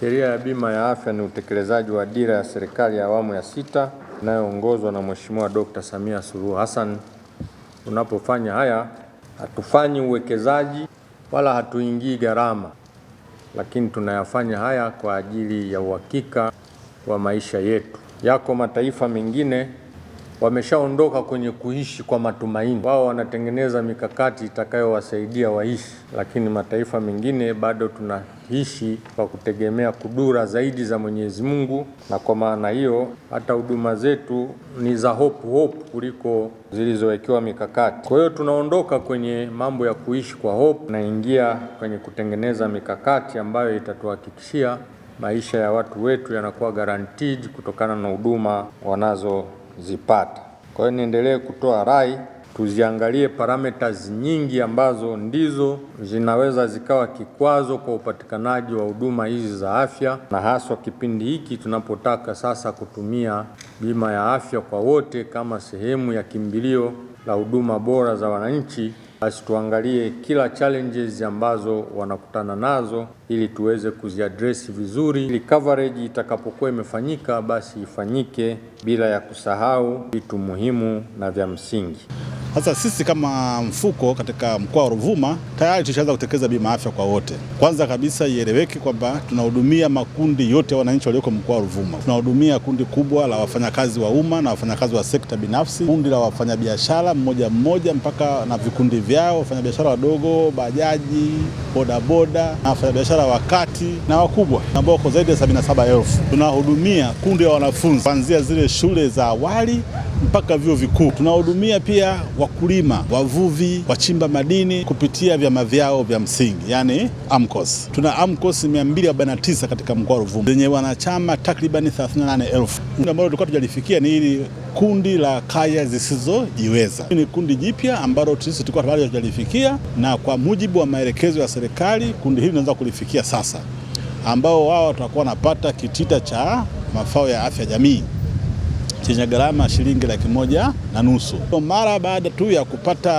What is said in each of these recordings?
Sheria ya bima ya afya ni utekelezaji wa dira ya serikali ya awamu ya sita inayoongozwa na Mheshimiwa Dr. Samia Suluhu Hassan. Unapofanya haya, hatufanyi uwekezaji wala hatuingii gharama, lakini tunayafanya haya kwa ajili ya uhakika wa maisha yetu. Yako mataifa mengine wameshaondoka kwenye kuishi kwa matumaini. Wao wanatengeneza mikakati itakayowasaidia waishi, lakini mataifa mengine bado tunaishi kwa kutegemea kudura zaidi za Mwenyezi Mungu, na kwa maana hiyo hata huduma zetu ni za hope hope kuliko zilizowekewa mikakati. Kwa hiyo tunaondoka kwenye mambo ya kuishi kwa hope, naingia kwenye kutengeneza mikakati ambayo itatuhakikishia maisha ya watu wetu yanakuwa guaranteed kutokana na huduma wanazo kuzipata. Kwa hiyo niendelee kutoa rai, tuziangalie parameters nyingi ambazo ndizo zinaweza zikawa kikwazo kwa upatikanaji wa huduma hizi za afya, na haswa kipindi hiki tunapotaka sasa kutumia bima ya afya kwa wote kama sehemu ya kimbilio la huduma bora za wananchi basi tuangalie kila challenges ambazo wanakutana nazo ili tuweze kuziadresi vizuri, ili coverage itakapokuwa imefanyika basi ifanyike bila ya kusahau vitu muhimu na vya msingi. Sasa sisi kama mfuko katika mkoa wa Ruvuma tayari tushaanza kutekeleza bima afya kwa wote. Kwanza kabisa ieleweke kwamba tunahudumia makundi yote ya wananchi walioko mkoa wa Ruvuma. Tunahudumia kundi kubwa la wafanyakazi wa umma na wafanyakazi wa sekta binafsi, kundi la wafanyabiashara mmoja mmoja, mpaka na vikundi vyao, wafanyabiashara wadogo, bajaji, bodaboda na wafanyabiashara wa kati na wakubwa ambao wako zaidi ya 77,000. Tunahudumia kundi la wanafunzi kuanzia zile shule za awali mpaka vyuo vikuu. Tunahudumia pia wakulima, wavuvi, wachimba madini kupitia vyama vyao vya msingi, yani AMCOS. Tuna AMCOS 249 katika mkoa wa Ruvuma zenye wanachama takribani 38,000. Ambalo tulikuwa tujalifikia ni hili kundi la kaya zisizojiweza. Ni kundi jipya ambalo sisi tulikuwa tayari hatujalifikia, na kwa mujibu wa maelekezo ya serikali kundi hili linaanza kulifikia sasa, ambao wao watakuwa wanapata kitita cha mafao ya afya jamii chenye gharama shilingi laki moja na nusu. Mara baada tu ya kupata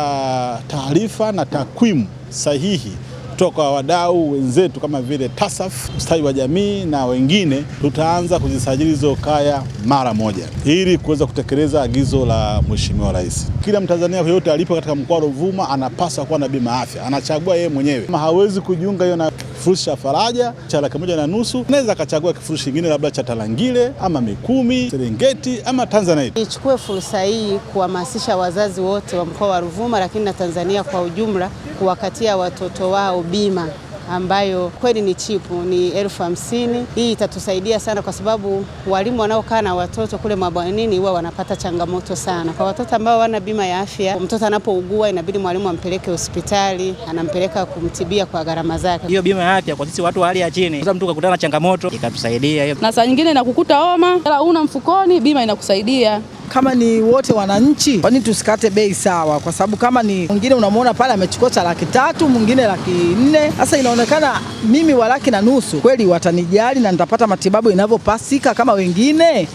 taarifa na takwimu sahihi kutoka wadau wenzetu kama vile TASAF, ustawi wa jamii na wengine, tutaanza kuzisajili hizo kaya mara moja ili kuweza kutekeleza agizo la Mheshimiwa Rais. Kila Mtanzania yoyote alipo katika mkoa wa Ruvuma anapaswa kuwa na bima afya, anachagua yeye mwenyewe, kama hawezi kujiunga hiyo na kifurushi cha faraja cha laki moja na nusu, anaweza akachagua kifurushi kingine labda cha Tarangire ama Mikumi, Serengeti ama Tanzanite. Nichukue fursa hii kuhamasisha wazazi wote wa mkoa wa Ruvuma, lakini na Tanzania kwa ujumla kuwakatia watoto wao bima ambayo kweli ni chipu ni elfu hamsini. Hii itatusaidia sana kwa sababu walimu wanaokaa na watoto kule mabwanini huwa wanapata changamoto sana. Kwa watoto ambao wana bima ya afya, mtoto anapougua inabidi mwalimu ampeleke hospitali, anampeleka kumtibia kwa gharama zake. Hiyo bima ya afya kwa sisi watu wa hali ya chini, mtu kakutana na changamoto ikatusaidia, na saa nyingine nakukuta homa, hela una mfukoni, bima inakusaidia kama ni wote wananchi, kwani tusikate bei sawa? Kwa sababu kama ni mwingine unamwona pale amechukua cha laki tatu, mwingine laki nne. Sasa inaonekana mimi wa laki na nusu kweli watanijali na nitapata matibabu inavyopasika kama wengine?